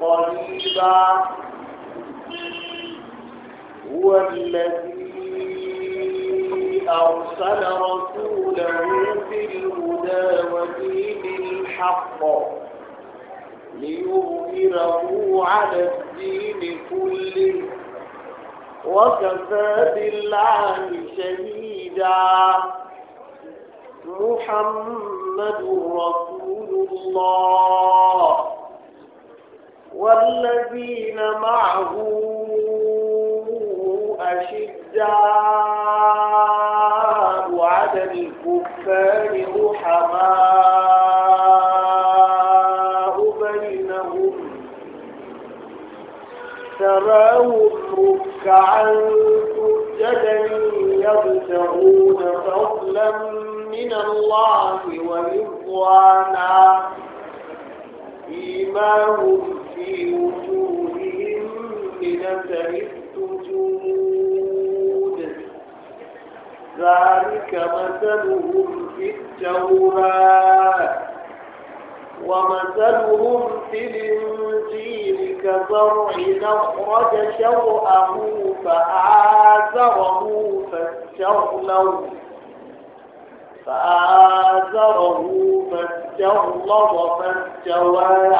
قريبا هو الذي أرسل رسوله في الهدى ودين الحق ليظهره على الدين كله وكفى بالله شهيدا محمد رسول الله والذين معه أشداء على الكفار رحماء بينهم تراهم ركعا سجدا يبتغون فضلا من الله ورضوانا إيمانهم في وجوههم من السجود ذلك مثلهم في التوراه ومثلهم في الانجيل كزرع اخرج شرعه فازره فاستغلظ فآزره فاستغلظ فاستوى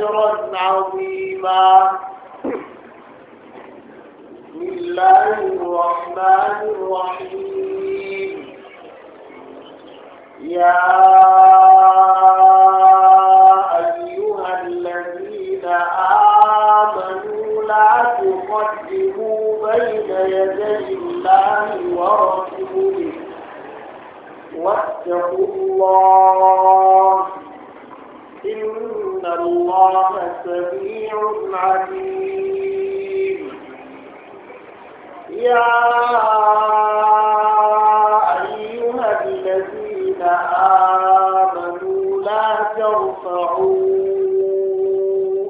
أجرا عظيما بسم الله الرحمن الرحيم يا أيها الذين آمنوا لا تقدموا بين يدي الله ورسوله واتقوا الله الله سميع عليم يا أيها الذين آمنوا لا ترفعوا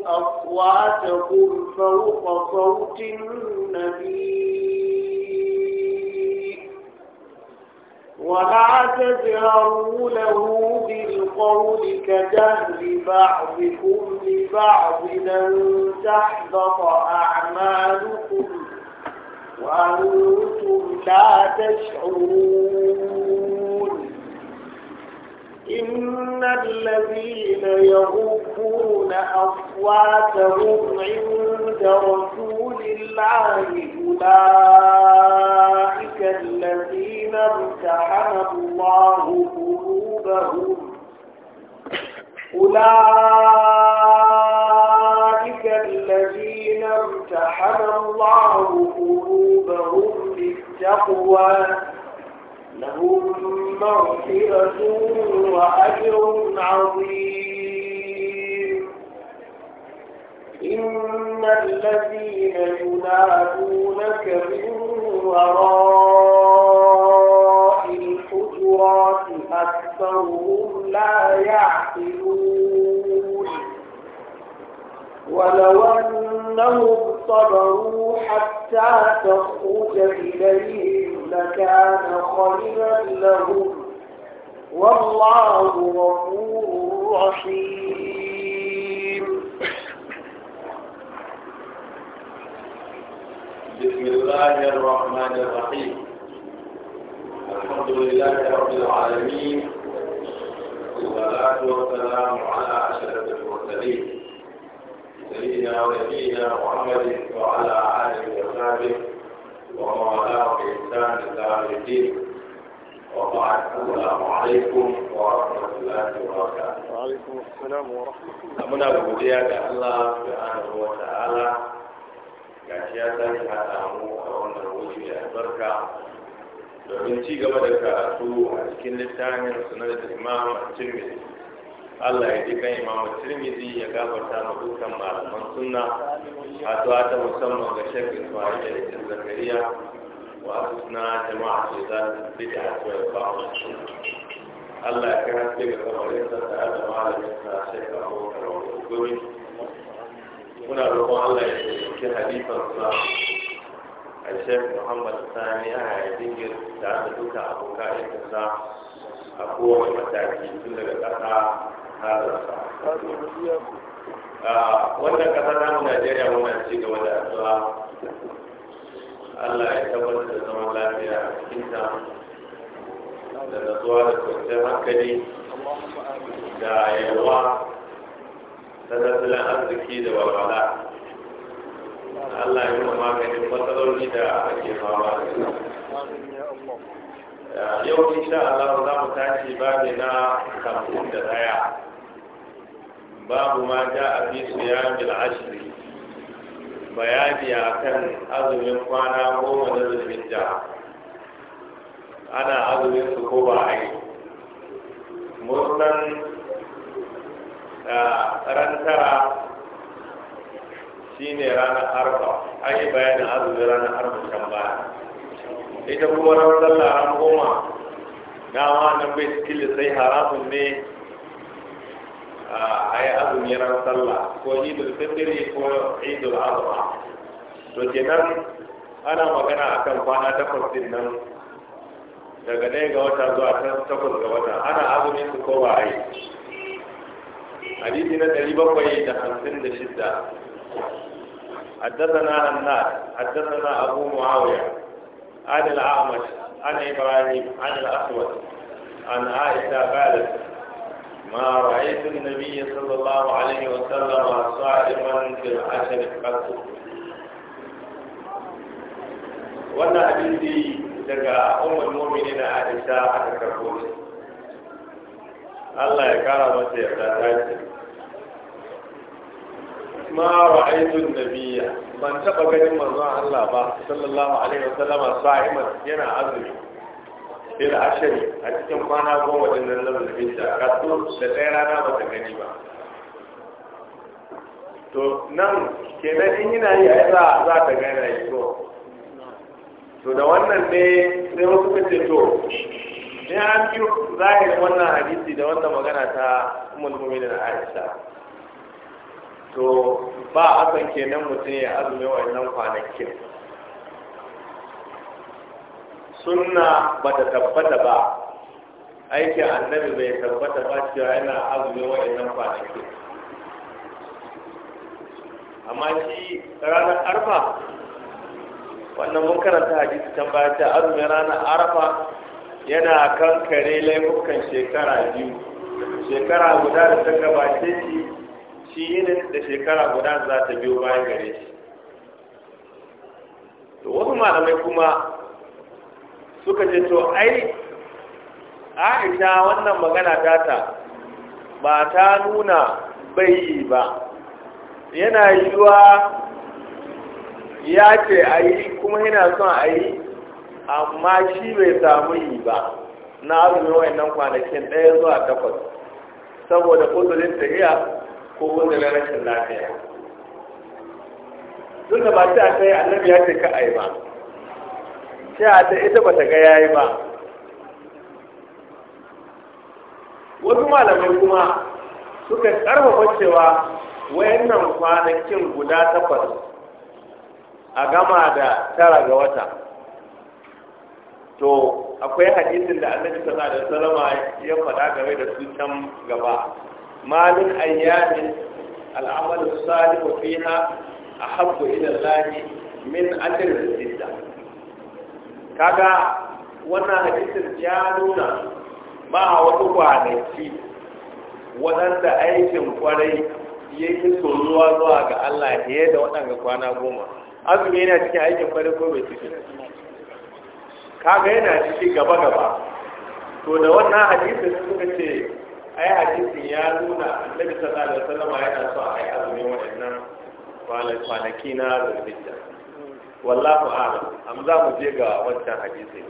أصواتكم فوق صوت النبي ولا تجهروا له بالقول كجهل بعضكم لبعض أن تحبط أعمالكم وأنتم لا تشعرون إن الذين يغضون أصواتهم عند رسول الله أولئك الذين الذين امتحن الله قلوبهم أولئك الذين امتحن الله قلوبهم للتقوى لهم مغفرة وأجر عظيم إن الذين ينادونك من وراء الله أكثرهم لا يعقلون ولو أنهم صبروا حتى تخرج إليهم لكان خيرا لهم والله غفور رحيم بسم الله الرحمن الرحيم الحمد لله رب العالمين والصلاة والسلام على أشرف المرسلين سيدنا ونبينا محمد وعلى آله وصحبه ومن والاه بإحسان إلى الدين وبعد السلام عليكم ورحمة الله وبركاته. وعليكم السلام ورحمة الله. أمنا بوديك الله سبحانه وتعالى gashi ya sake haɗa mu a wannan domin ci gaba da karatu a cikin littafin sunan imam tirmidhi Allah ya ji kan imam tirmidhi ya gafarta ma dukkan malaman sunna a zuwa ta musamman ga shekki ismail da zakariya wa suna jama'a ce za su bi da asuwa ya ba mu Allah ya karanta ga kamarinsa da Allah malamin sa shekka abokan wani gumi muna roƙon Allah ya ce hadisansa الشيخ محمد الثاني أنا عايزين جير تعالى دوكا أبو كائن كسا أبو ومتاكي كل لكتا هذا آه، وانا كتا نعم نجيريا هنا نسيك ولا أسوا الله يتبال تسمى الله في أحكينتا لأن طوال السلام كلي دا يلوى تنزل أنزكي دوالعلاق Allah ya kuma maganin matsaloli da ake fama da su yau insha Allah za mu tashi babi na kamfin da daya babu ma ja a fi siyamin ashiri bayani a kan azumin kwana goma na da ana azumin su ko ba a yi murnan ah, ran tara shine ranar arba an yi bayanin azumin ranar arba can baya ita kuma ran sallah ran goma Na nan bai sikili sai haramun ne a yi azumin ran sallah ko idul fitri ko idul azha to kenan ana magana akan kwana takwas din nan daga ɗaya ga wata zuwa takwas ga wata ana azumin su ko ba a yi hadisi na ɗari bakwai da hamsin da shidda حدثنا الناس حدثنا أبو معاوية عن الأعمش عن إبراهيم عن الأسود عن عائشة قالت ما رأيت النبي صلى الله عليه وسلم صائما في العشر قط وانا حديثي daga أم المؤمنين عائشة aisha الله يكرمك يا أستاذ ma ra'aytun nabiyya ban taba ganin manzon Allah ba sallallahu alaihi wasallama sa'iman yana azumi ila ashari a cikin kwana goma din nan nan da bisa kasu da ɗaya rana ba ta gani ba to nan kenan in yana yi a za za ta gana yi to to da wannan ne sai wasu kace to ne an biyo zahirin wannan hadisi da wannan magana ta ummul mu'minin Aisha to ba hakan kenan mutum ya azumi wannan kwanakin sunna ba ta tabbata ba aikin annabi bai tabbata ba cewa yana azumi wa'annan kwanakin amma shi ranar arfa wannan mun karanta hadisi can baya ta azumi ranar arfa yana kankare laifukan shekara biyu shekara guda da ta gabace shi shi yinin da shekara guda za ta biyo bayan gare shi to wasu malamai kuma suka ce to ai aisha wannan magana data ba ta nuna bayi ba yana yiwuwa ya ce a yi kuma yana son a yi amma shi bai samu yi ba na azumin wayannan kwanakin ɗaya zuwa takwas saboda kudurin tafiya ko wanda na rashin lafiya duk da ba ta ta yi annabi ya ce ka a yi ba ta ta ita ba ta ga ya yi ba wasu malamai kuma suka karfafa cewa wayannan kwanakin guda takwas a gama da tara ga wata to akwai hadisin da annabi sallallahu alaihi wasallam ya faɗa game da su can gaba ma min ayyamin al'amalu salihu fiha ahabbu ila Allah min ajrin sidda kaga wannan hadisin ya nuna ba a wani kwanaki waɗanda aikin kwarai yake soruwa zuwa ga Allah fiye da waɗanga kwana goma azumi yana cikin aikin kwarai ko bai ciki kaga yana ciki gaba-gaba to da wannan hadisin suka ce ai hadisin ya nuna annabi sallallahu alaihi wasallam ta so a yi azumin waɗannan kwanaki na zulhijja wallahu a'lam am za mu je ga wancan hadisin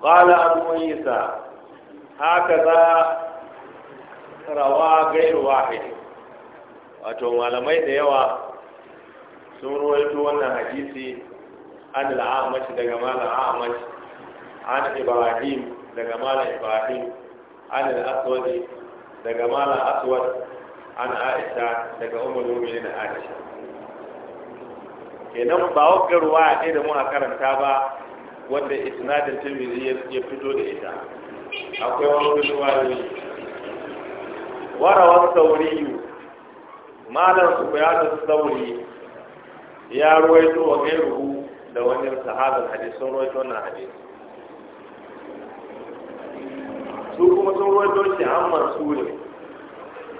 قال أبو haka za rawa gairu wahid wato malamai da yawa sun ruwaito wannan hadisi an al'amash daga malam Ahmad, an ibrahim daga mala ibrahim an al-aswad daga mala aswad an aisha daga umar mu'minin aisha kenan ba wakar ruwa ɗaya da muna karanta ba wanda isnadin tirmidhi ya fito da ita akwai wani sauri warawan su malam sufyanu sauri ya ruwaito wa gairuhu da wani sahabin hadisi sun ruwaito wannan hadisi su kuma sun ruwaito shi an ne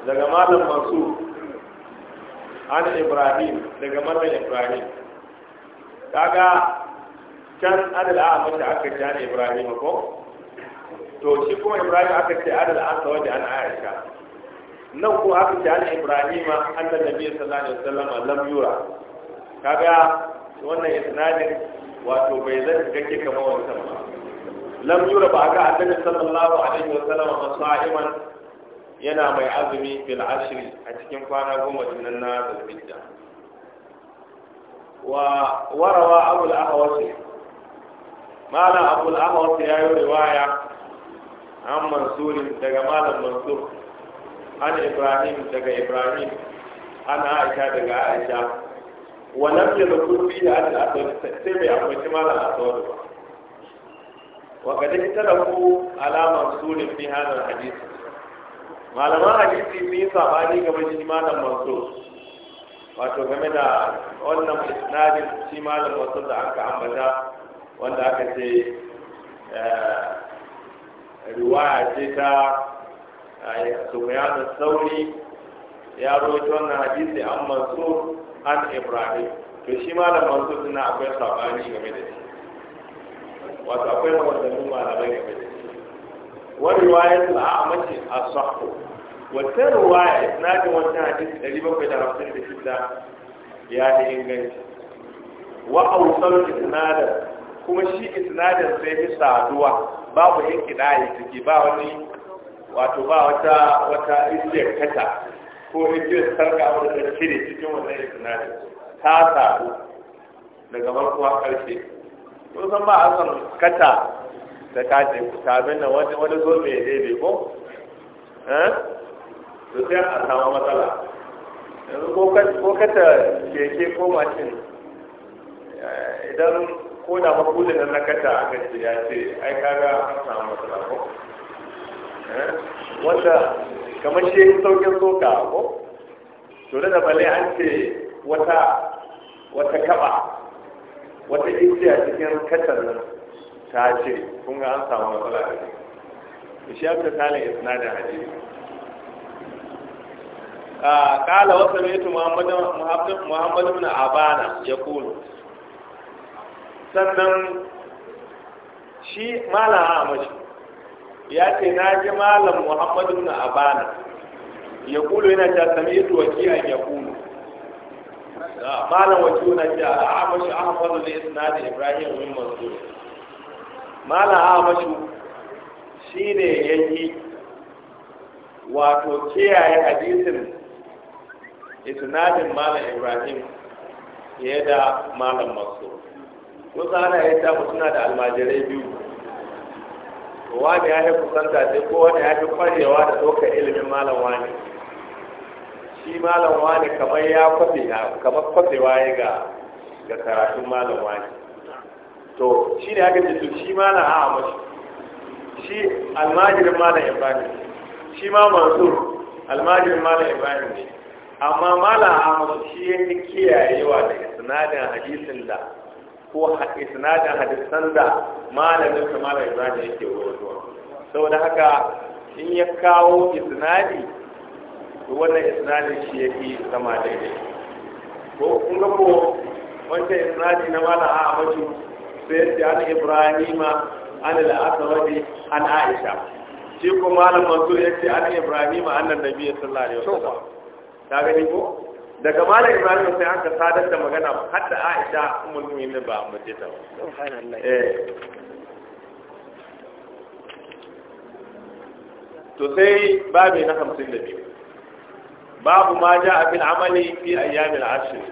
daga malam masu an ibrahim daga malam ibrahim kaga can adal a mace aka ce an ibrahim ko to shi kuma ibrahim aka ce adal an waje an aisha nan ko aka ce an ibrahim annan nabi sallallahu alaihi wasallam lam yura kaga wannan isnadin wato bai zai kake kamar ba lam yura ba ga annabi sallallahu alaihi wasallam masaiman yana mai azumi fil ashri a cikin kwana goma nan na zulhijja wa warawa abu al-ahwas malam abu al-ahwas ya yi riwaya an mansur daga malam mansur an ibrahim daga ibrahim an aisha daga aisha wa lam yadhkur fihi al-asr sai bai akwai malam asawad ba وقد اختلفوا على منصور في هذا الحديث malaman hadisi sun yi sabani game shi malam masu wato game da wannan isnadin shi malam wasu da aka ambata wanda aka ce riwaya ce ta sufyan sauri ya rawaito wannan hadisi an mansur an ibrahim to shi malam masu suna akwai sabani game da shi wato akwai maganganun malamai game da shi wa riwayatul a'mashi as-sahhu wata ruwaya isnadin wancan hadisi ɗari bakwai da hamsin da shida ya yi inganci wa ausar isnadin kuma shi isnadin sai fi saduwa babu yin kiɗaye ciki ba wani wato ba wata wata ijiyar kata ko ijiyar sarka wadda ta cire cikin wannan isnadin ta sadu daga farko a ƙarshe Ko san ba a san kata da kace tabin nan wani wani zo mai daidai ko eh to sai a samu matsala yanzu ko kata keke ko mashin eh, idan ko da makulin nan na kata a ce ya ce ai kaga an samu matsala ko eh? wanda kamar shi saukin soka ko to da bale an ce wata wata kaba wata a cikin katar nan ta ce kun ga an samu matsala da shi shi da talin isnadin Kala wasu وسمعت Muhammadu na Abana ya يقول sannan shi malam amashi ya ce na ji malam muhammadu na abana ya kulo yana ta sami yadda wakilan ya kulo malam wakilu na ce al'amashi ahmadu da isnadi ibrahim min mansur malam ahmashu shine yake wato kiyaye hadisin isnadin malam ibrahim fiye da malam mansur kusa ana yadda suna da almajirai biyu wani ya fi kusanta sai ko wani ya fi kwarewa da ɗaukar ilimin malam wani shi malam wani kamar ya kwafe kamar kwafewa ya ga ga karatun malam wani to shi ne haka jisu shi malam a amashi shi almajirin malam ibrahim shi ma masu almajirin malam ibrahim ne amma malam a amashi shi ya yake kiyayewa daga sinadin hadisin da ko isnadin hadisan da malamin kamar malam ibrahim yake wurin saboda haka in ya kawo isnadi to wannan isnadin shi ya fi zama daidai ko kun ga ko wancan isnadi na mala a amaju sai ya an ibrahima an al-aswadi an aisha shi ko malam mansur ya an ibrahima an nabi sallallahu alaihi wasallam ta gani ko daga malam ibrahim sai aka sadar da magana har da aisha ummul mu'minin ba mu ce ta ba subhanallah eh to sai babi na 52 babu ma ja a fil amali fi ayyamin ashir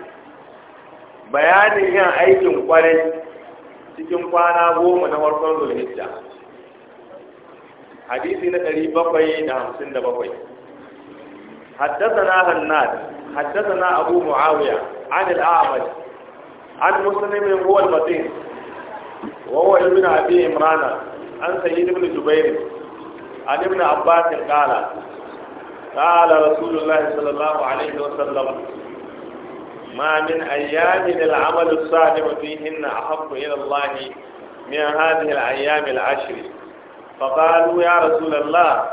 bayanin yin aikin kwarai cikin kwana goma na farkon zulhijja hadisi na ɗari bakwai da hamsin da bakwai حدثنا هناد حدثنا أبو معاوية عن الأعمش عن مسلم هو المدين وهو ابن أبي an عن سيد بن جبير عن ابن عباس قال قال رسول الله صلى الله عليه وسلم ما من أيام العمل الصالح فيهن أحب إلى الله من هذه الأيام العشر فقالوا يا رسول الله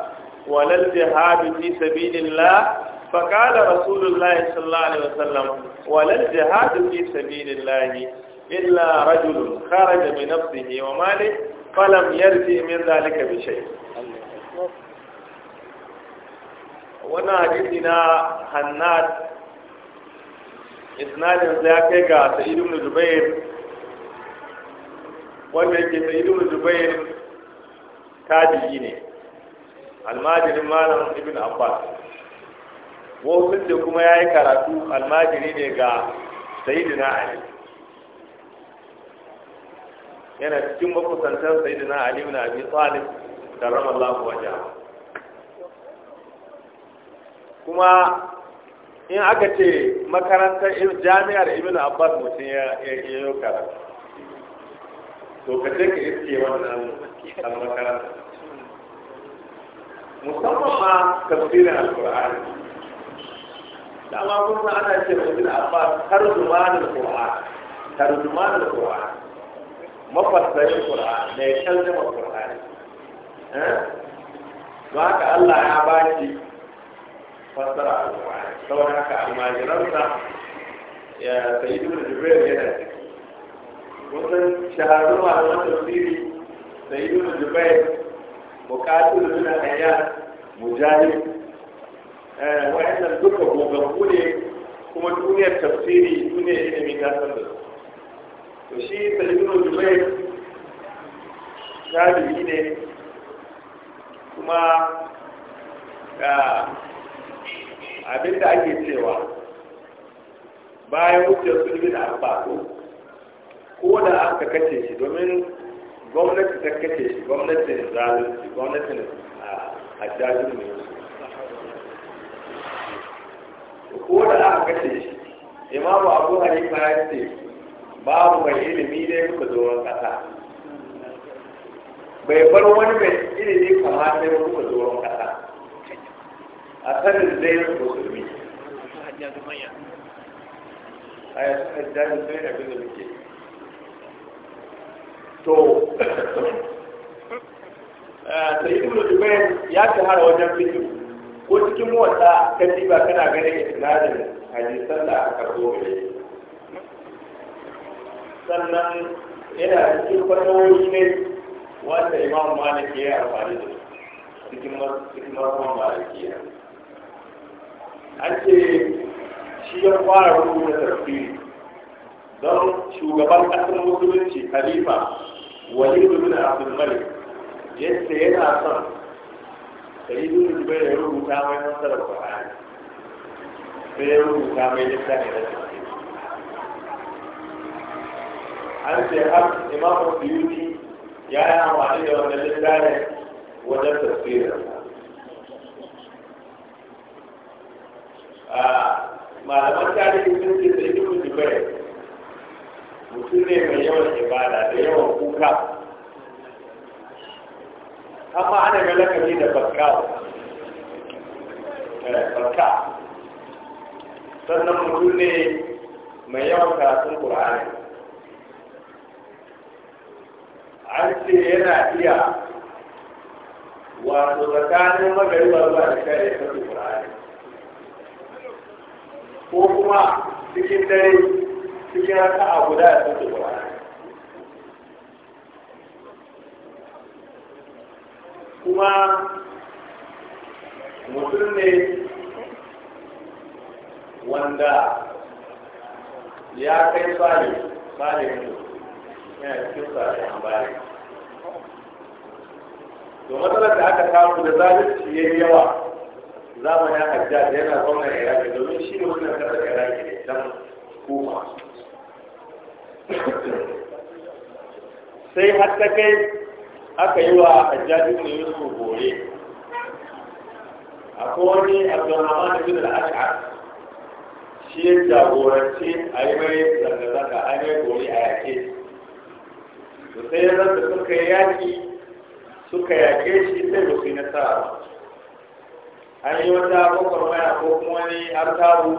ولا الجهاد في سبيل الله فقال رسول الله صلى الله عليه وسلم ولا الجهاد في سبيل الله إلا رجل خرج بنفسه وماله فلم يرجع من ذلك بشيء wannan hadisi na hannad isnadin ya kai ga Sa'idu na jubair wanda yake sa'id ibn ta jiki ne almajirin malam ibn abbas wasu da kuma ya yi karatu almajiri ne ga Sa'idu na ali yana cikin makusantar na ali na abi talib da ramallahu wajen kuma in aka ce makarantar jami'ar ibn abbas mutum ya yi karatu to ka ce ka iske wannan makaranta musamman ma tafsirin da ma kun san ana ce mutum abbas har zumanin qur'an zumanin qur'an mafassarin qur'an mai kalmar qur'ani ba eh? ka Allah ya baki fassara alƙur'ani saboda haka almajiransa ya sayi duk jibril yana ciki wasan shahararru malaman tafsiri sayi duk jibril bukatul bin hayyan mujahid wa'annan duka gogaggu ne kuma duniyar tafsiri duniyar ilimi ta san da su to shi sayi duk jibril tabi'i ne kuma Abin da ake cewa bayan wucewar sulmin abbas ko da aka kace shi domin gwamnati ta kace shi gwamnatin zalunci gwamnatin hajjajin mai su ko da aka kace shi imamu abu hanifa ya ce babu mai ilimi ne kuka wani kasa bai bar wani mai ilimi kamar sai kuka wani kasa a sanin zai musulmi a yasan hajjajin sai abin da muke to sai ibn jubair ya tahara wajen fito ko cikin motsa ta ba kana ganin isnadin hadisan sallah, aka karbo gare sannan yana cikin fatawoyi ne wanda imam malik ya yi amfani da su, cikin masu malikiya an ce shi ya fara da tafsiri don shugaban kasar musulunci khalifa walid bin abdul malik yadda yana son sai duk bai da rubuta mai nasarar qur'ani sai ya rubuta mai littafi na tafsiri an ce har imamu suyuti ya yi amfani da wannan littafin wajen tafsirin malaman tarihi sun ce sai ibn jubair mutum ne mai yawan ibada da yawan kuka amma ana ga lakabi da bakka eh, bakka sannan mutum ne mai yawan karatun qur'ani an ce yana iya wato tsakanin magariba zuwa da kare kasu qur'ani ko kuma cikin dare cikin a guda ya sauke wani, kuma mutum ne wanda ya kai tsari tsari ne yana cikin tsari a bari to matsalar da aka samu da zalunci ya yi yawa zamanin hajjaj yana zauna ya yaki domin shi ne sai har ta kai aka yi wa hajjaji ne yusuf gore akwai wani abdurrahman da al-ash'ar shi ya jagoranci a yi mai zanga-zanga a yi gore a yake su sai ya zanta suka yaki suka yake shi sai ba su yi nasara an yi wata bakwar maya ko kuma wani artabu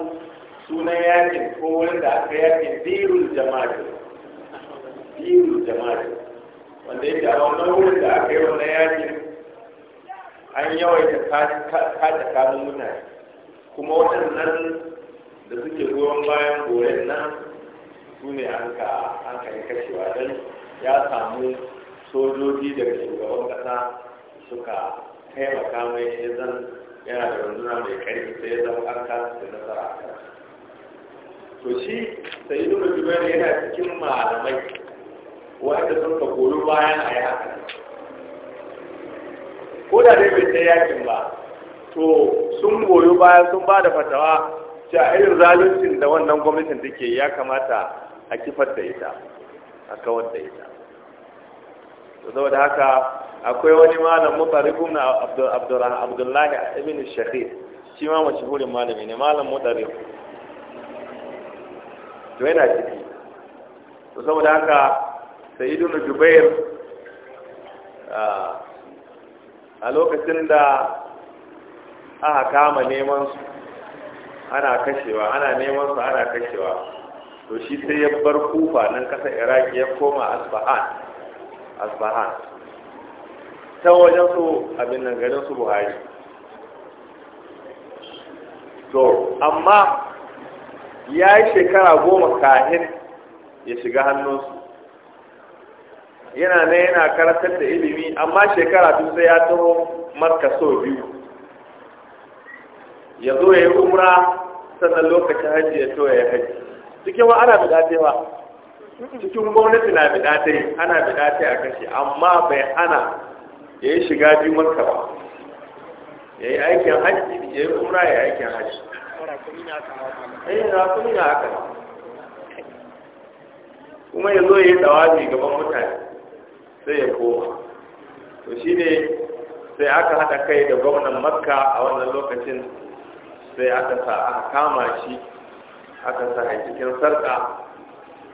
sunan yakin ko wanda aka yakin dirul jama'a dirul jama'a wanda yake a wannan wurin da aka yi wannan yakin an yawaita kada kanun mutane kuma waɗannan da suke goyon bayan goyon nan su ne an ka kashewa don ya samu sojoji daga shugaban ƙasa suka taimaka mai ya zan yana da runduna mai ƙarfi sai ya zama an kasu da nasara to shi sai yi yana cikin malamai wanda sun ka koyo bayan a yi haka ko da dai bai sai yakin ba to sun goyo bayan sun ba da fatawa cewa irin zaluncin da wannan gwamnatin take ya kamata a kifar da ita a kawar da ita to saboda haka akwai wani malam mutarikun na abdullahi ibn shahid shi ma mashahurin malami ne malam mutarik to yana ciki to saboda haka na jubair a lokacin da aka kama neman su ana kashewa ana neman su ana kashewa to shi sai ya bar kufa nan kasar iraki ya koma asbahan asbahan ta wajen su abin nan garin su buhari to amma ya yi shekara goma kahin ya shiga hannunsu yana na yana karatar da ilimi amma shekara tun sai ya taho makka so biyu ya zo ya yi umra sannan lokacin hajji ya toya ya hajji cikin wa ana bidatai ba cikin gwamnati na bidatai ana bidatai a kashi amma bai ana ya yi shiga biyu makka ba ya yi aikin hajji ya yi umra ya yi aikin hajji eh, kuma ya zo ya yi tsawabi gaban mutane sai ya koma to shi ne sai aka haɗa kai da gwamnan makka a wannan lokacin sai aka sa aka kama shi aka sa a cikin sarƙa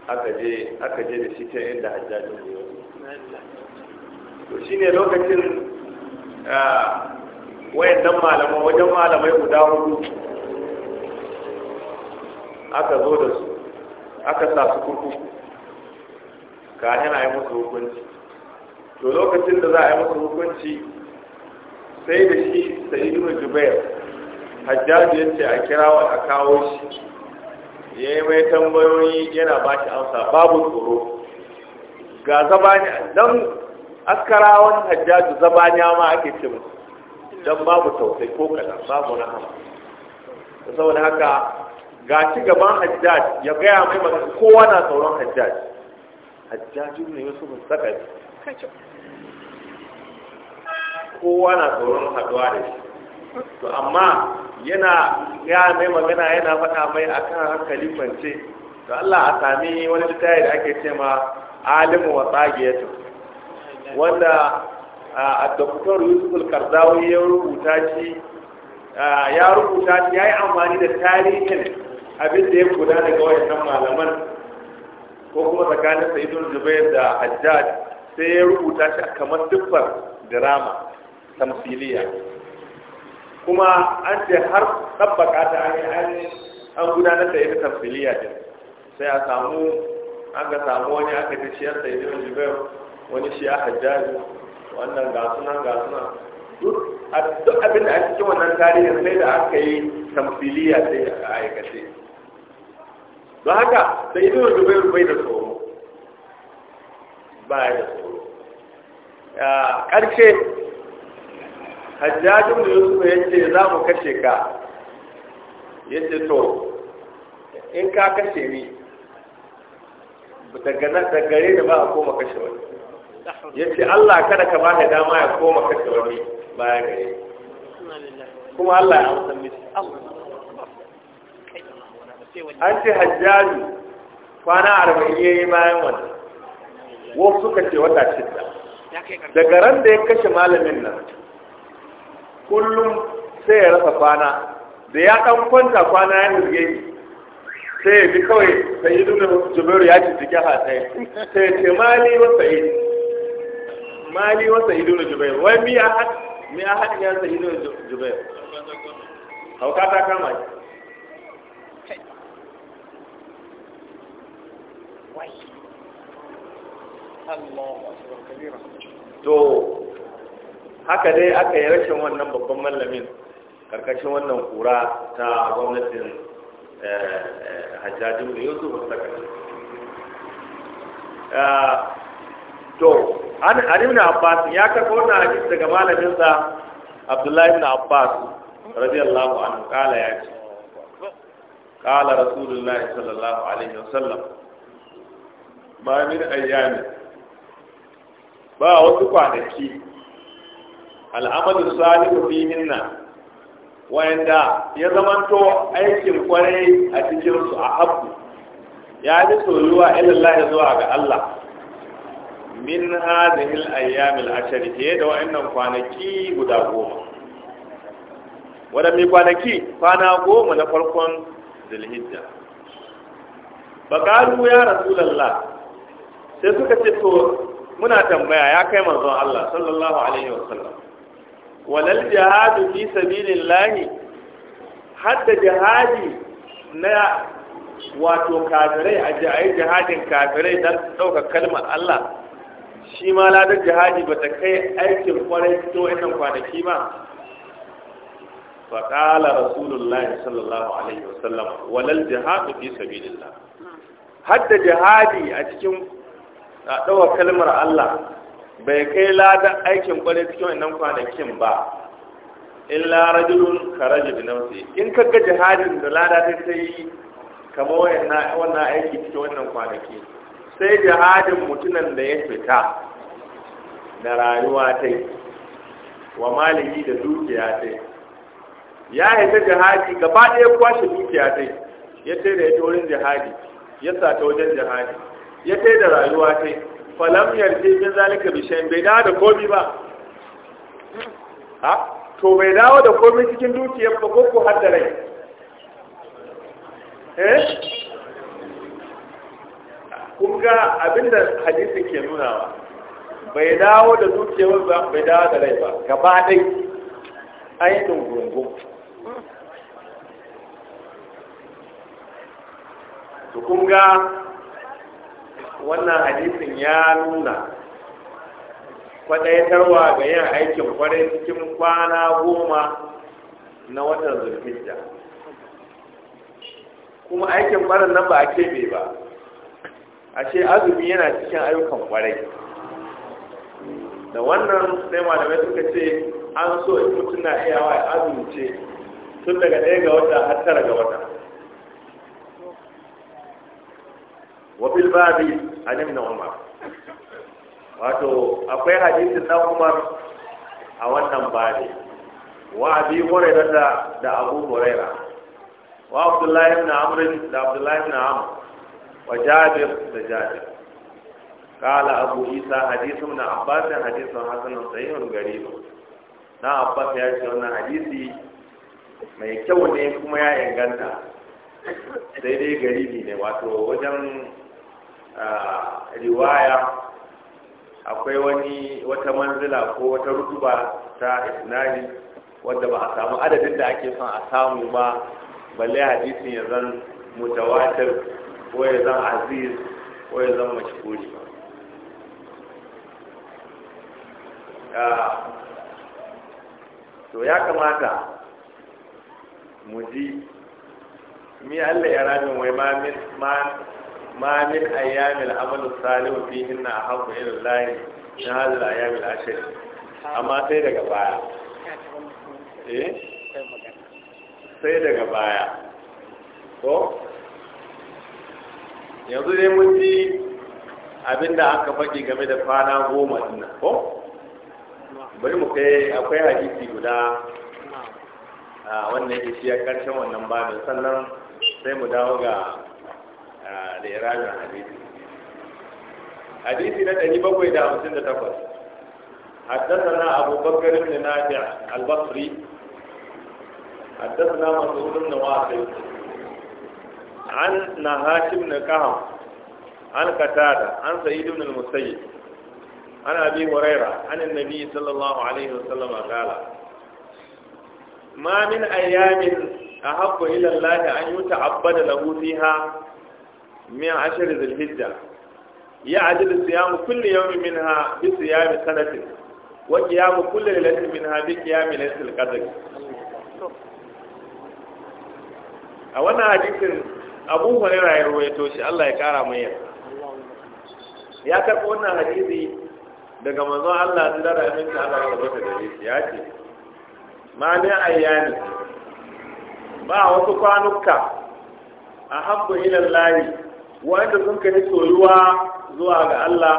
aka je da shi ta inda hajjajin to shi ne lokacin wayan malaman wajen malamai guda hudu aka zo da su aka sa su kurkuku ka yana yi musu hukunci to lokacin da za a yi masa hukunci sai da shi sa'idu jubair hajjaji ya ce a kira wa a kawo shi ya yi mai tambayoyi yana ba shi amsa babu tsoro ga zabani don askarawan hajjaji zabani ma ake ce musu don babu tausayi ko kada babu na rahama saboda haka ga ci gaban hajjaji ya gaya mai magana kowa na tsoron hajjaji. hajjaji ne yusuf sakari kowa na tsoron haduwa da shi to amma yana ya mai magana yana faɗa mai akan hankali kwance to Allah a sami wani littafi da ake ce ma alimu wa tsagiyatu wanda a doktor yusuf karzawi ya rubuta shi ya rubuta shi ya yi amfani da tarihin abin da ya da ga wayannan malaman ko kuma tsakanin sayyidun zubair da hajjaj sai ya rubuta shi kamar siffar drama tamsiliya kuma an ce har tabbaka ta an an gudanar da ita tamsiliya din sai a samu an ga samu wani aka ji shi yasa ibn jubair wani shi a hajjaji wannan gasunan gasunan ga sunan duk abin da a cikin wannan tarihin sai da aka yi tamsiliya sai a aikace don haka sai ibn Zubairu bai da tsoro ba ya da tsoro Ƙarfe, hajjajin da yusuf ya ce za mu kashe ka ya ce to in ka kashe ni daga nan gare da ba a koma kashe wani ya ce allah kada ka ba da dama ya koma kashe wani baya gare kuma allah ya amsa mishi an ce hajjaju kwana arba'in yayi yi bayan wani. wasu suka ce wata shidda daga ran da ya kashe malamin nan kullum sai ya rasa kwana da ya ɗan kwanta kwana ya nirge sai ya bi kawai sai yi duna jubairu ya ci jike hatai sai ya ce mali wasa yi mali wasa yi duna jubairu wai mi a haɗi mi a haɗi ya sa yi duna jubairu hauka ta kama shi Allah wa sallam kabira to haka dai aka yi rashin wannan babban mallamin karkashin wannan kura ta gwamnatin eh, eh, hajjajin da yusuf sakari ah, to an ibn abbas ya karɓo wannan hadisi daga malaminsa abdullahi ibn abbas radiyallahu anhu kala ya ce kala rasulullahi sallallahu alaihi wasallam ma min ayyami ba wasu kwanaki al'amalin salihu fi minna wanda ya zamanto aikin kwarai a cikinsu a Habu, ya ji soyuwa ilallah zuwa ga Allah min hadhihi al-ayyamil ashari ke da wa'annan kwanaki guda goma wanda mai kwanaki kwana goma na farkon zulhijja bakaru ya rasulullah sai suka ce to muna tambaya ya kai manzon Allah sallallahu alaihi wasallam walal jihadu fi sabilillahi hadda jihadi na wato kafirai a ji jihadin kafirai don ɗauka kalmar Allah shi ma ladar jihadi ba ta kai aikin kwarai to wannan kwanaki ma fa qala rasulullahi sallallahu alaihi wasallam walal jihadu fi sabilillah hadda jihadi a cikin a ɗaukar kalmar Allah bai kai lada aikin kwarai cikin wannan kwanakin ba in rajulun karajin da nafsi in ka ga jihadin da lada ta sai yi kama wannan aiki cikin wannan kwanaki sai jihadin mutunan da ya fita da rayuwa ta yi wa maliki da dukiya ta yi. ya haita jihadi gaba ɗaya kwashe dukiya ta yi. ya tare ta wurin jihadi ya sa ta wajen jihadi ya kai da rayuwa ta falam yarje min zalika bi shay bai dawo da komi ba ha to bai dawo da komi cikin dukiyar ba ko har da rai eh kun ga abinda hadisi ke nunawa bai dawo da dukiyar ba bai dawo da rai ba gaba dai ai dungurungun to kun ga wannan hadisin ya nuna kwaɗaitarwa ga yin aikin kwarai cikin kwana goma na watan zulhijja kuma aikin barin nan ba a kebe ba ashe azumi yana cikin ayyukan kwarai da wannan sai malamai suka ce an so in mutum na iya wa azumce tun daga ɗaya ga wata har tara ga wata wa an ibn umar wato akwai hadisin na umar a wannan bari wa abi hurairah da da abu hurairah wa abdullahi ibn amr da abdullahi ibn amr wa jabir da jabir قال أبو عيسى حديث na عباس حديث حسن صحيح غريب na abbas ya ce wannan hadisi mai kyau ne kuma ya inganta daidai dai garibi ne wato wajen riwaya akwai wani wata manzila ko wata rutuba ta isnadi wadda ba a samu adadin da ake son a samu ba balle hadisin ya zan mutawatir ko ya zan aziz ko ya zan mashhuri to ya kamata mu ji mi Allah ya rabin wai ma ma min ayyamil amalu salihu fihinna na ila Allah min na ayyam al-ashr amma sai daga baya eh sai daga baya Ko yanzu dai mun ji abinda aka faɗi game da kwana goma din ko bari mu kai akwai hadisi guda a wannan shi ya karshen wannan babin sannan sai mu dawo ga da irajin hadisi hadisi na ɗari bakwai da hamsin da takwas حدثنا أبو بكر بن نافع البصري حدثنا مسعود بن واحد عن نهاش بن كهم عن قتادة عن سعيد بن المسيب عن أبي هريرة عن النبي صلى الله عليه وسلم قال ما من أيام أحب إلى الله أن يتعبد له فيها من عشر zulhijja ya ajil siyamu كل يوم منها bi سنة وقيام كل ليلة منها بقيام ليلة القدر أولا lailatul qadr a wannan hadisin Abu Hurairah ya rawaito Allah daga manzo Allah da da ta Allah da bata da shi ya ce ne ayyani ba wasu kwanuka a habbu ila lahi wanda sun kai soyuwa zuwa ga Allah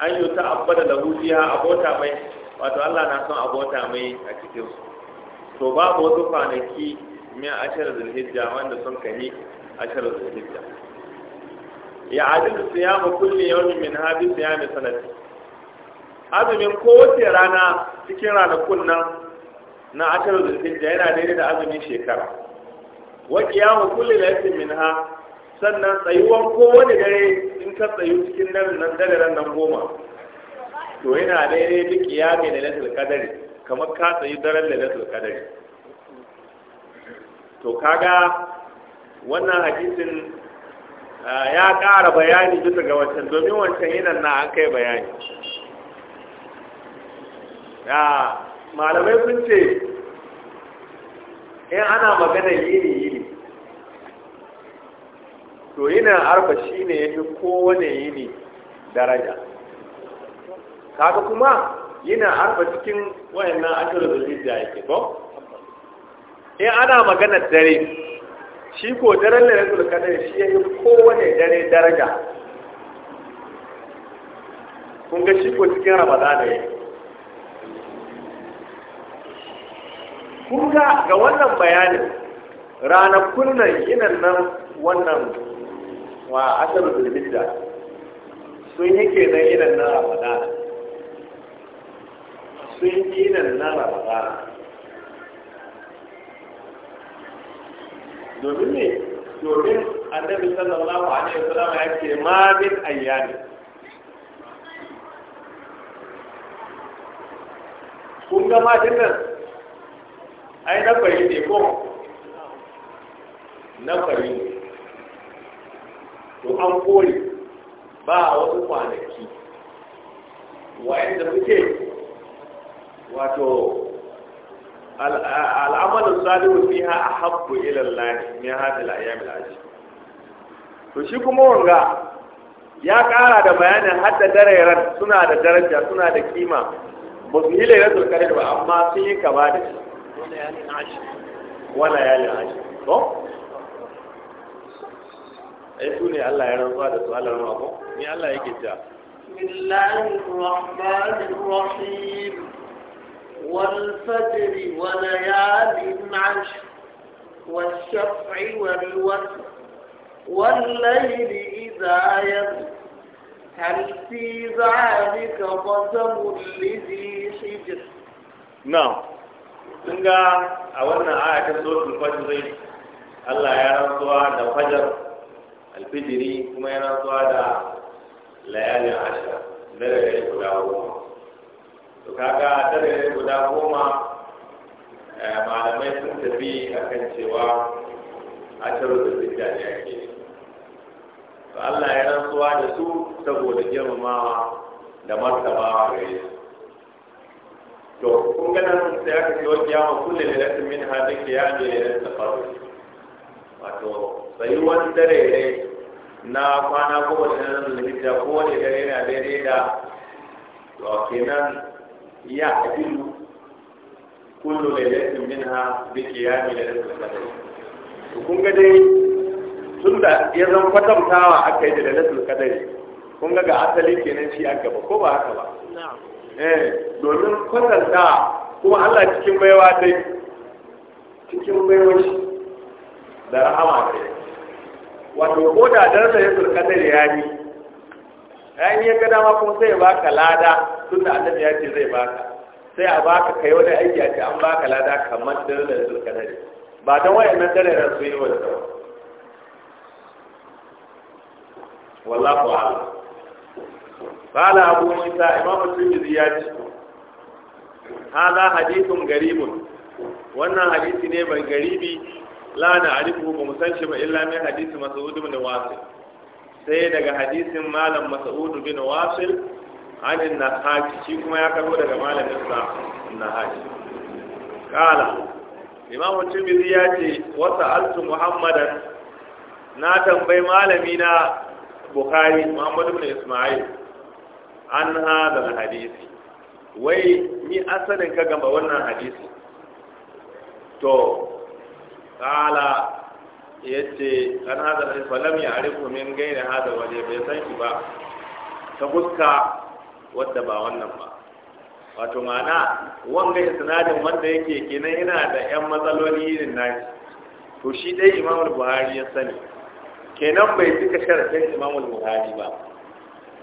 an yi ta abbada da hujiya abota mai wato Allah na son abota mai a cikin su to babu wasu kwanaki min ashar zulhijja wanda sun kai ashar zulhijja ya adilu siyama kulli yawmin min hadi siyami sanati azumin kowace rana cikin ranakun nan na ashar zulhijja yana daidai da azumin shekara wa qiyamu kulli laylatin minha sannan tsayuwan kowane dare in ka tsayu cikin nan nan dare nan goma to yana daidai duk ya mai lailatul kadari kamar ka tsayi daren lailatul kadari to kaga wannan hadisin ya ƙara bayani bisa ga wancan domin wancan yanan na an kai bayani malamai sun ce in ana magana yini to yinin arfa shi ne ya fi kowane yini daraja kaga kuma yinin arfa cikin wayannan ashirin ya yake ba in ana maganar dare shi ko daren lalatul kadai shi ya fi kowane dare daraja kun ga shi ko cikin da ya kun ga ga wannan bayanin ranakun nan yinan nan wannan wa asar zulmidda sun yi kenan irin na ramadana sun yi irin na ramadana domin ne domin annabi sallallahu alaihi wasallam ya ce ma min ayyami kun ga matan nan ai na fari ne ko na fari ne to an kore ba wasu kwanaki da muke wato al'amalin salihu fiha a ila Allah min hadhihi haɗe ayyam al to shi kuma wanga ya ƙara da bayanin hadda ran suna da daraja suna da kima ba su yi lairatul qadr ba amma sun yi kaba da shi wala yali ashi wala yali ashir ايتوني الله بسم الله الرحمن الرحيم والفجر وليال عشر والشفع والوتر والليل اذا يسر هل في ذلك قسم لذي حجر نعم kunga a wannan ayatun sura al-fajr Allah ya rantsuwa alfijiri kuma yana zuwa da layalin ashira dare guda goma to kaga dare guda goma eh, malamai sun tafi akan cewa ashiru da zidda ne ake to Allah ya rantsuwa da su saboda girmamawa da martabawa gare to kun ganin sai aka ce wa kulle kullu lailatin min hadhihi ya ne lailatul qadr wato Wani dare na kwana goma da nan lalita ko wani dare na daidai da to kenan ya mu kullu lailatin minha bi da lailatul qadr to kun ga dai tun da ya zan kwatantawa aka yi da lailatul qadr kun ga ga asali kenan shi aka ba ko ba haka ba eh domin kwatanta kuma Allah cikin baiwa dai cikin baiwa shi da rahama dai wato ko da dan sai zulkadar ya yi ai ne ga dama kuma sai baka lada tunda annabi ya ce zai baka sai a baka kai wani aiki a ce an baka lada kamar dan sai da. ba dan wayannan dalalan su yi wani wallahu a'lam قال أبو موسى إمام الترمذي هذا حديث غريب wannan hadisi ne ban garibi la na arifu ba mu san shi ba illa min hadisi mas'ud bin wasil sai daga hadisin malam mas'ud bin wasil anin haji shi kuma ya karo daga malamin sa haji kala imam tirmidhi ya ce wa sa'altu muhammadan na tambayi malami na bukhari muhammad bin isma'il an hada hadisi wai ni asalin ka gamba wannan hadisi to kala ya ce kan hada da falam ya arifu min gairi hada waje bai san shi ba ta fuska wadda ba wannan ba wato ma'ana wanga sinadin wanda yake kenan yana da yan matsaloli irin naki to shi dai imamul buhari ya sani kenan bai cika sharafin imamul buhari ba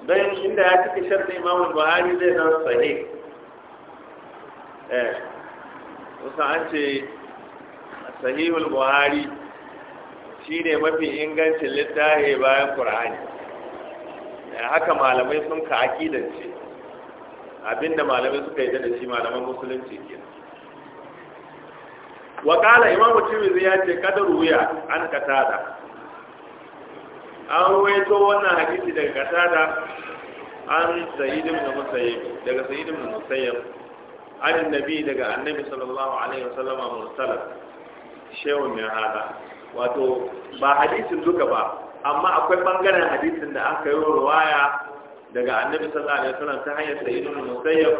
don inda ya cika sharafin imamul buhari zai nan sahih eh an ce sahihul buhari ne mafi ingancin littafi bayan qur'ani eh, haka malamai sun ka akidance abinda malamai suka yi da shi malaman musulunci kenan Wakala kala imam tirmidhi ya ce kada ruya an katada an ruwaito wannan hadisi daga katada an sayyid ibn musayyib daga sayyid ibn musayyib an annabi daga annabi sallallahu alaihi wasallam mursala shehun min hada wato ba hadisin duka ba amma akwai bangaren hadisin da aka yi ruwaya daga annabi sallallahu alaihi wasallam ta hanyar sayyidun musayyib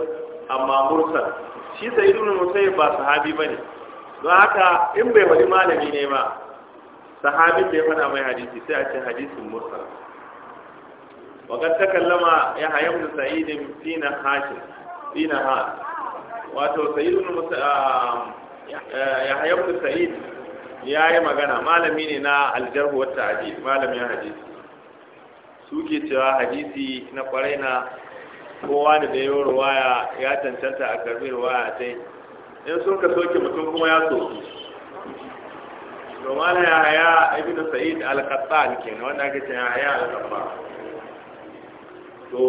amma mursal shi sayyidun musayyib ba sahabi bane don haka in bai wani malami ne ba sahabin da ya fada mai hadisi sai a ce hadisin mursal وقد ya يحيى da saidin fina هاشم fina ha wato sayyidun musayyib yahya ibn sa'id ya yi magana malami ne na aljarhu wata hadisi malamin hadisi suke cewa hadisi na kwarai na kowa da da yawar waya ya cancanta a karbi waya ta in sun ka soke mutum kuma ya To domin ya haya ibn sa'id al-qattan kenan wanda ake cewa ya haya al-qattan to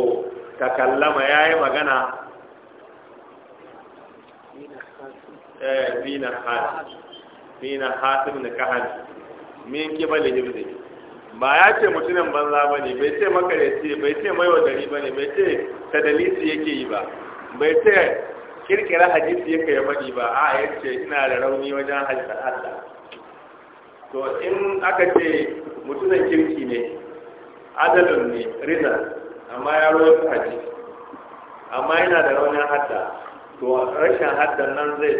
takallama yayi magana fi eh, na hati fi na hatim na kahani min kibali jibdi ba ya ce mutunan banza ba ne bai ce makareci bai ce mai wadari ba ne bai ce tadalisi yake yi ba bai ce kirkira hadisi yake yi faɗi ba a ya ce ina da rauni wajen halittar Allah to in aka ce mutunan kirki ne adalin ne rina amma ya roya hadisi amma yana da raunin hadda to rashin haddan nan zai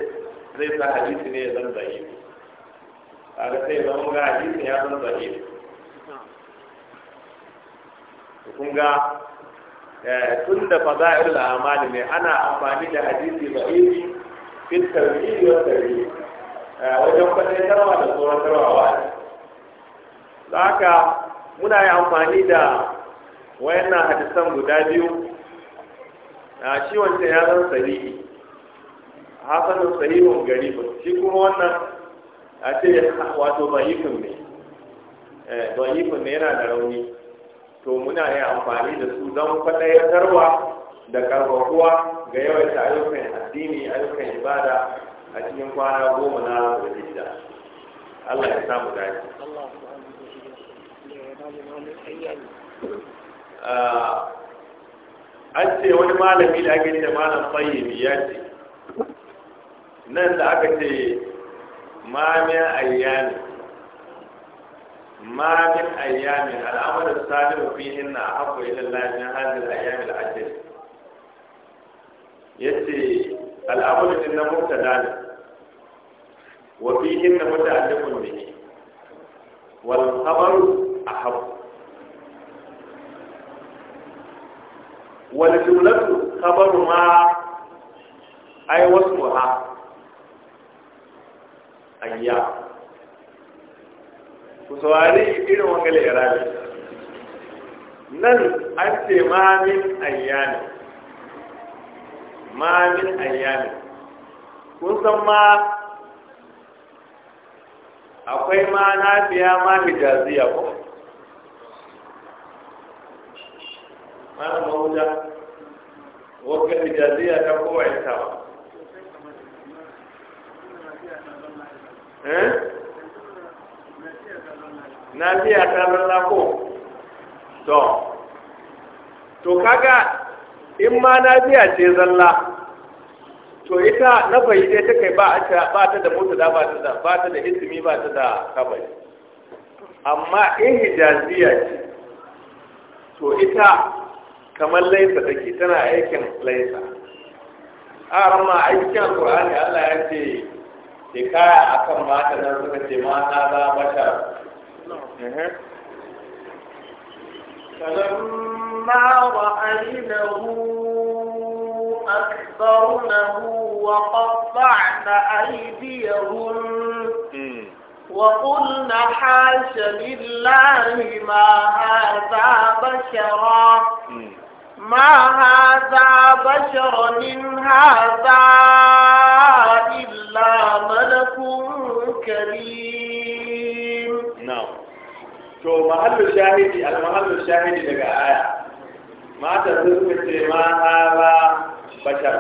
zai sa hadisi ne ya zan a da sai zama ga hadisi ya zan zai kun ga eh, tun da faza'il la'amali ne ana amfani da hadisi zai fi tarbiyyar wa tarbiyyar eh, wajen tarwa da tsoratarwa wa ne haka muna yi amfani da wayannan hadisan guda biyu a ah, shi wancan ya zan sahihi hasanun sahihun gari ba shi kuma wannan a ce wato da'ifin ne eh, da'ifin ne yana da rauni to muna yin amfani da su don tarwa da karfafuwa ga yawaita ayyukan addini ayyukan ibada a cikin kwana goma na zulhijja Allah ya samu dace ah, an ce wani malami da ake da malam tsayyibi ya ce nan da aka ce mamin ayyami mamin ayyami al'amarin salihu fihin a haɓu ilin lafiyar hajjin ayyami da al'ajir ya ce al'amarin na mubtada ne wa fihin na muta'alliqun bihi wal khabaru ahab wal jumlatu khabaru ma ay wasmuha ayya ku saurari irin wangal irabi nan an ce mamin ayyami mamin ayyami kun san ma akwai ma nafiya ma fi jaziya ko ma na mahuja wakil hijaziya ta kowa ita ba nafiya eh? ta lalla ko to to kaga in ma nafiya ce zalla to ita na bai dai ta kai ba ta da da ba ta da ba ta da ismi ba ta da kabari amma in hijaziya ce to ita kamar laifa take tana aikin laifa a ramma aikin alkur'ani Allah ya ce hikaya akan mata nan suka ce mata za bashar فلما رأينه أكبرنه وقطعن أيديهن وقلن حاش لله ما هذا بشرا ما هذا بشر إن هذا إلا ملك كريم نعم to mahallu shahidi al mahallu shahidi daga aya mata sun ce ma hara bashar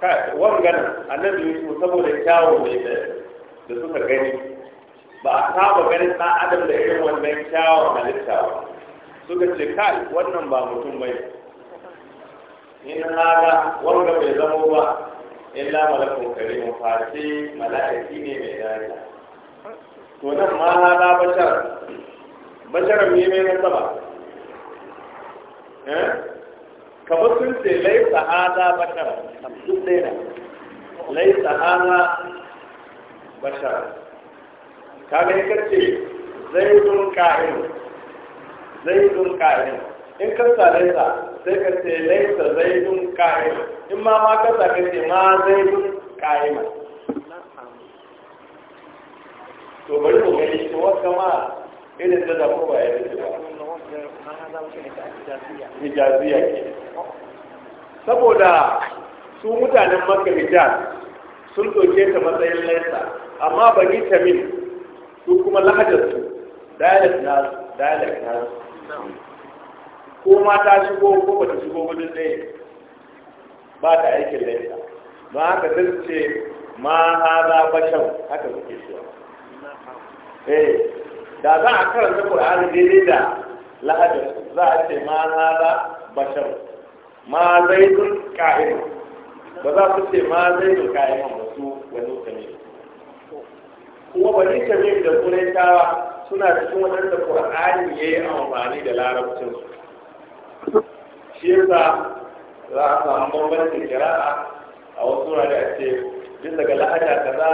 kai wangan annabi Yusuf saboda kyawu ne da suka gani ba a saba ganin ɗan adam da irin wannan kyawun halitta ba suka ce kai wannan ba mutum bai in haga wanda bai zamo ba illa malakun mu farce, mala'iki ne mai dariya to nan ma haga bashar bashar me mai nasaba eh kamar sun ce laisa haga bashar duk na laisa haga bashar kaga ya kace zaidun ka'imun zaidun ƙa'in in ka sa laisa sai ka ce laisa zaidun ƙa'in in ma ma ka sa ka ce ma zaidun ƙa'in to bari mu gani shi wasu ma irin da da kuma ya rike ba hijaziya ke saboda su mutanen maka hijaz sun doke ta matsayin laisa amma bani tamil su kuma lahajarsu dialect nasu dialect nasu ko ma ta shigo ko ba ta shigo gudun ɗaya ba ta aikin laifa ba haka sun ce ma ba bashan haka suke cewa eh da za a karanta qur'ani daidai da lahajar za a ce ma ba bashan ma zaitun ka'in. ba za su ce ma zaitun ka'im ba su wani mutane kuma ba ni da ƙunai tawa suna da cikin waɗanda ƙur'ani ya yi amfani da larabcin shi yasa za a samu bambancin kira'a a wasu wurare a ce bisa ga lahaja kaza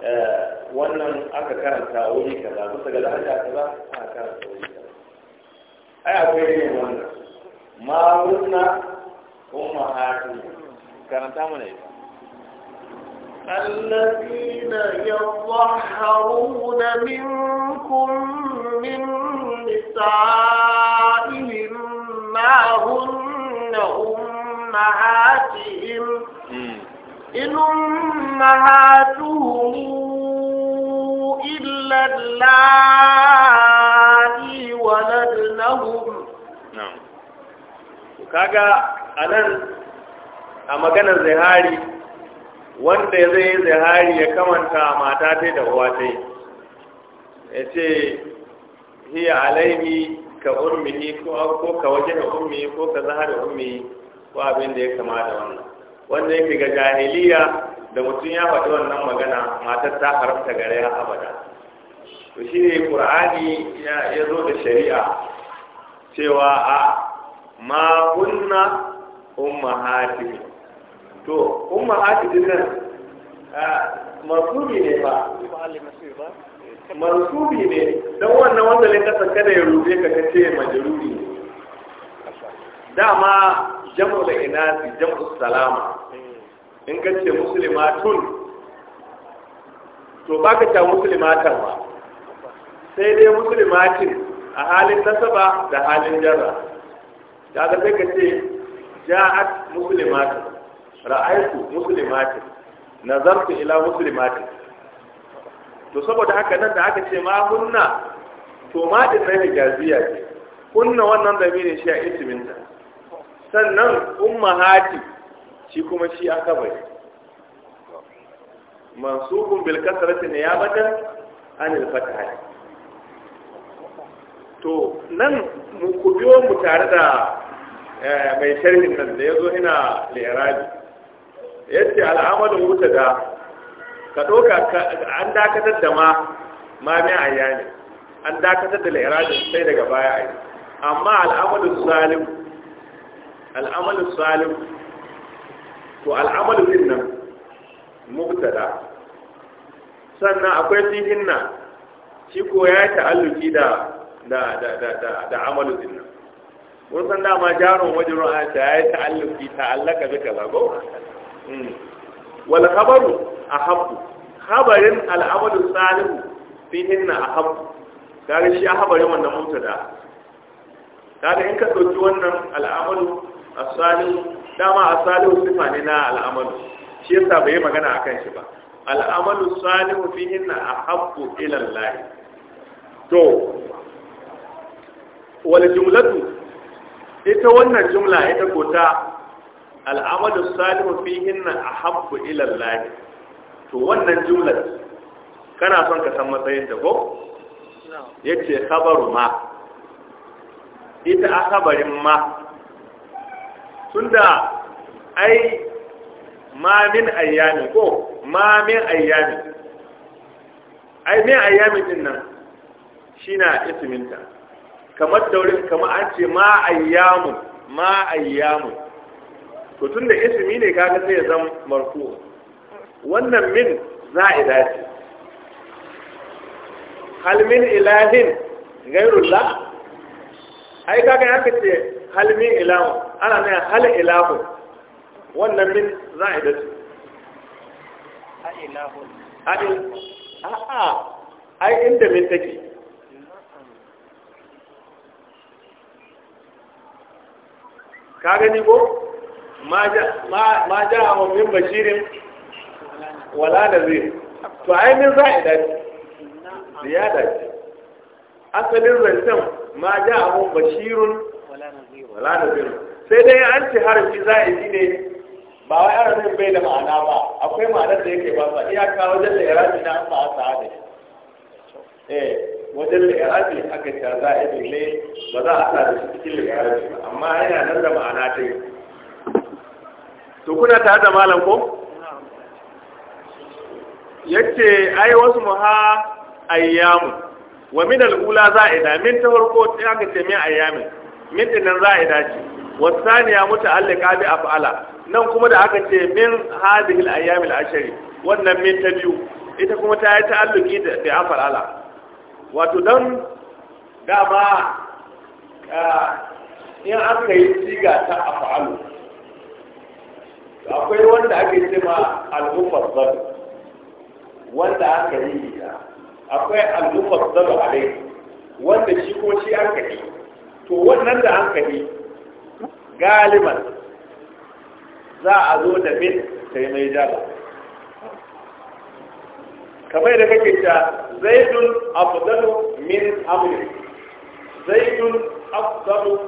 eh, wannan aka karanta wuri kaza bisa ga la'aja kaza aka karanta wuri kaza ai akwai yin wannan ma wurna kuma hatu karanta mana ita الذين يظهرون منكم من نسائهم ما هن أمهاتهم إن أمهاتهم إلا اللائي ولدنهم نعم kaga anan a maganar zihari wanda ya zai zahari ya kamanta mata ta da uwa ta yi, ya ce hiya alaihi ka ummihi ko ka waje da ummi ko ka zahari ummi ko abin da ya kama da wannan wanda yake ga jahiliya da mutum ya faɗi wannan magana matar ta haramta gare ya abada to shi ne qur'ani ya zo da shari'a cewa a ma kunna ummahatikum to umma atidin nan masubi ne ba masubi ne don wannan wanda ne kasa kada ya rube ka ta ce majaluri ne dama jam'u da inasi jam'u salama in ka ce musulmatun to ba ka ta musulmatan ba sai dai musulmatin a halin nasaba da halin jarra da ka sai ka ce ja'at musulmatun ra'aytu muslimatin nazartu ila muslimatin to saboda haka nan da aka ce ma hunna to ma din da gaziya ce kunna wannan da mene shi a isminta sannan hati shi kuma shi aka bai mansubun bil kasrati bada anil fatah to nan mu ku biyo mu tare da eh, mai sharhin nan da yazo ina lirabi yace al'amalin wuta da ka doka an dakatar da ma ma mai ayyani an dakatar da la'irajin sai daga baya ai amma al'amalin salim al'amalin salim to al'amalin din nan mubtada sannan akwai fihin nan shi ko ya yi ta'alluki da da da da amalu din nan mun dama jarun wajen ra'ayta ya yi ta'alluki ta'allaka bi kaza ko Mm. wal khabaru ahabbu khabarin al amalu salihu a ahabbu Gari shi ahabarin wannan Da kaga in ka dauki wannan al amalu salihu dama a salihu sifa ne na al amalu shi yasa bai magana akan shi ba al amalu fi fihinna ahabbu ila Allah to wal jumlatu ita wannan jumla ita ko ta al'amalu salihu fihinna ahabbu ila Allah to wannan jumlar kana son ka san matsayin ta ko yace khabaru ma ita a khabarin ma tunda ai ma min ayyami ko ma min ayyami ai min ayyami din nan na isminta kamar daurin kamar an ce ma ayyamu ma ayyamu to tunda ismi ne kaga sai ya zama marfu wannan min za'ida ce hal min ilahin ghairullah ai kaga haka ce hal min ilahu ana nan hal ilahu wannan min za'ida ce a ilahu a a'a ai inda min take ka gani ko ma ja a min bashirin wala da zai to ai min za a dace ziyada ce asalin zancen ma ja a min bashirun wala da zai sai dai an ce har za a yi ne ba wai harafin bai da ma'ana ba akwai ma'anar da yake ba ba iyaka wajen da yarabi na an ba a sa'a eh, da shi wajen liyarabi aka ta za a ne ba za a sa da shi cikin liyarabi ba amma yana nan da ma'ana ta yi to kuna tare da malam ko yace ai wasu mu muha ayyamu wa min al-ula za'ida min ta farko sai aka ce min ayyamin min din nan za'ida ce wasaniya muta'alliqa bi af'ala nan kuma da aka ce min hadhihi al-ayyam al-ashri wannan min ta biyu ita kuma ta yi ta'alluki da bi af'ala wato dan dama ah, in aka yi siga ta ake ce ma al-mufassal wanda aka yi da akwai al-mufassal alai wanda shi ko shi aka yi to wannan da aka yi galiban za a zo da min sai mai jaba kamar da kake ta zaidun afdalu min amri zaidun afdalu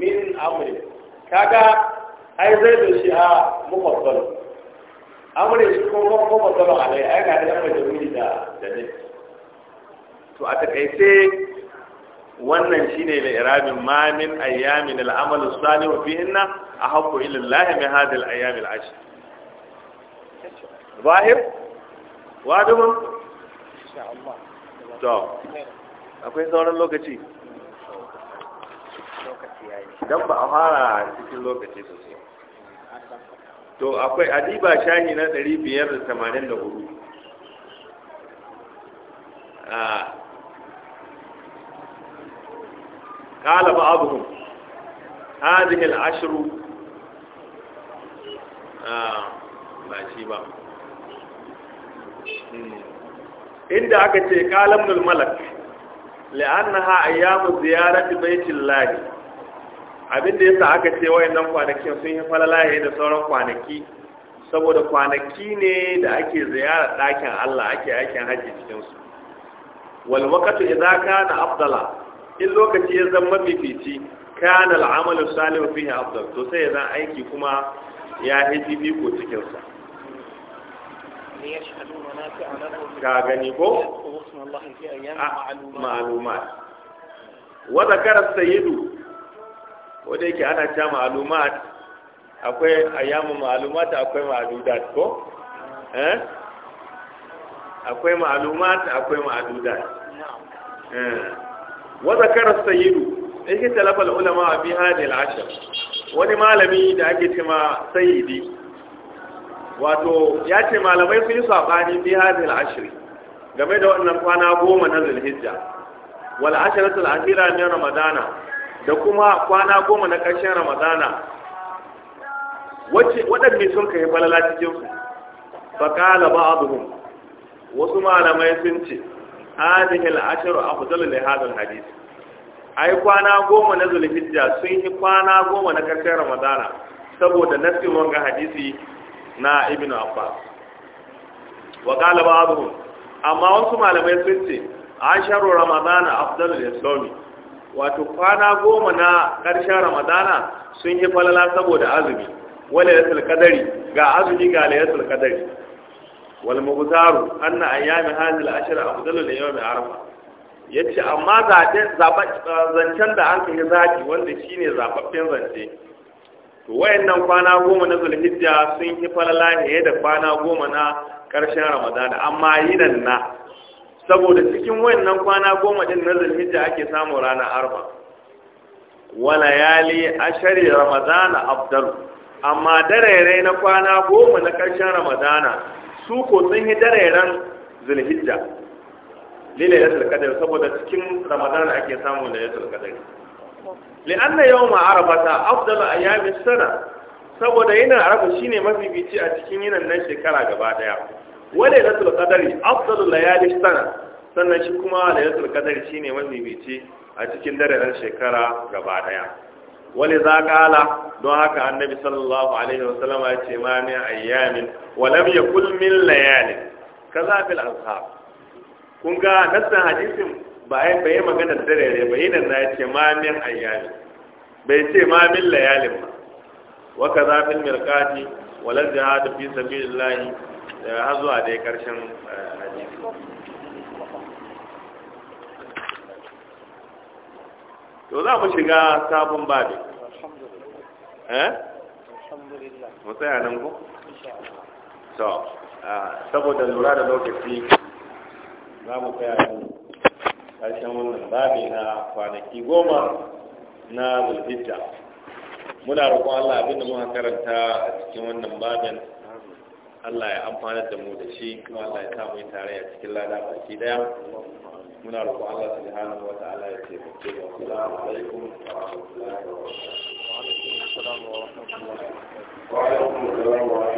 min amri kaga ai zaidun shi a mufassal amure shi ko ko ko matsala alai ai ga da mai jami'i da da ne to a takaice wannan shine da irabin ma min ayyamin al'amal salih wa fihinna ahabbu ila Allah min hadhihi al-ayyam al-ashr zahir wadum insha Allah to akwai sauran lokaci dan ba a fara cikin lokaci sosai to akwai adiba shahi na biyar da da tamanin hudu. a kala ba abu hadhihi al-ashru ba shi ba hmm. inda aka ce kalamnul malak la'annaha ayyamu ziyarati lahi. abin da yasa aka ce nan kwanakin sun yi falalaye da sauran kwanaki saboda kwanaki ne da ake ziyara ɗakin Allah ake aikin hajji cikin su wal waqtu idza kana afdala in lokaci ya zama mafifici kana al'amalu salihu fihi afdal to sai zan aiki kuma ya bi ko cikin sa ga gani ko ah, ma'lumat wa zakara sayyidu ko da yake ana cewa ma'alumat akwai ayyamu ma'alumat akwai ma'adudat ko eh akwai ma'alumat akwai ma'adudat eh wa zakara sayyidu yake talafa ulama bi hadhihi al-ashr wani malami da ake cewa sayyidi wato ya ce malamai sun yi sabani bi hadhihi al-ashr game da wannan kwana goma na zulhijja wal ashratu al-akhira min ramadana da kuma kwana goma na ƙarshen ramadana waɗanne sun kai falala cikinsu faƙala ba abubuwan wasu malamai sun ce hadihil ashiru a fudalu da hadin hadisi ai kwana goma na zulhijja sun yi kwana goma na ƙarshen ramadana saboda nasi wanga hadisi na ibn abbas wa ƙala ba abubuwan amma wasu malamai sun ce ashiru ramadana afdalu da islami wato kwana goma na ƙarshen ramadana sun yi falala saboda azumi wale ya sulkadari ga azumi ga ya sulkadari wal mughzaru anna ayyami hadhihi al da yau mai yawm ya ce amma zancen da an kai zaki wanda shi ne zabaffen zance to wayannan kwana goma na zulhijja sun yi falala ne da kwana goma na karshen ramadana amma yinan na saboda cikin wannan kwana goma din na zulhijja ake samu rana arba wa layali ashari ramadana afdal amma darerai na kwana goma na ƙarshen ramadana su ko sun yi darairan zulhijja lila ya tulkadar saboda cikin ramadana ake samu da ya tulkadar li'anna yawma arafata afdal ayyamis sana saboda yana arafa shine bici a cikin yinan nan shekara gaba daya wale na tulkadari afdalul layali sana sannan shi kuma lailatul qadar shine mafifici a cikin dare daren shekara gaba daya wale za kala don haka annabi sallallahu alaihi wasallam ya ce ma min ayyamin wa lam yakul min layalin kaza fil azhar kun ga nassan hadisin ba ai bai magana dare ne bai nan na ce ma min ayyamin bai ce ma min layalin ba wa kaza fil mirqati wal jihad fi sabilillah Eh, har zuwa dai karshen eh, hadisi to za mu shiga sabon babi eh mu tsaya nan ko so ah, saboda lura da lokaci za mu tsaya nan karshen wannan babi na kwanaki goma na zulhijja muna roƙon Allah abinda muka karanta a cikin wannan babin Allah ya amfana da mu da shi kuma Allah ya samu yi tare a cikin lada baki daya muna roƙon Allah subhanahu wa ta'ala ya ce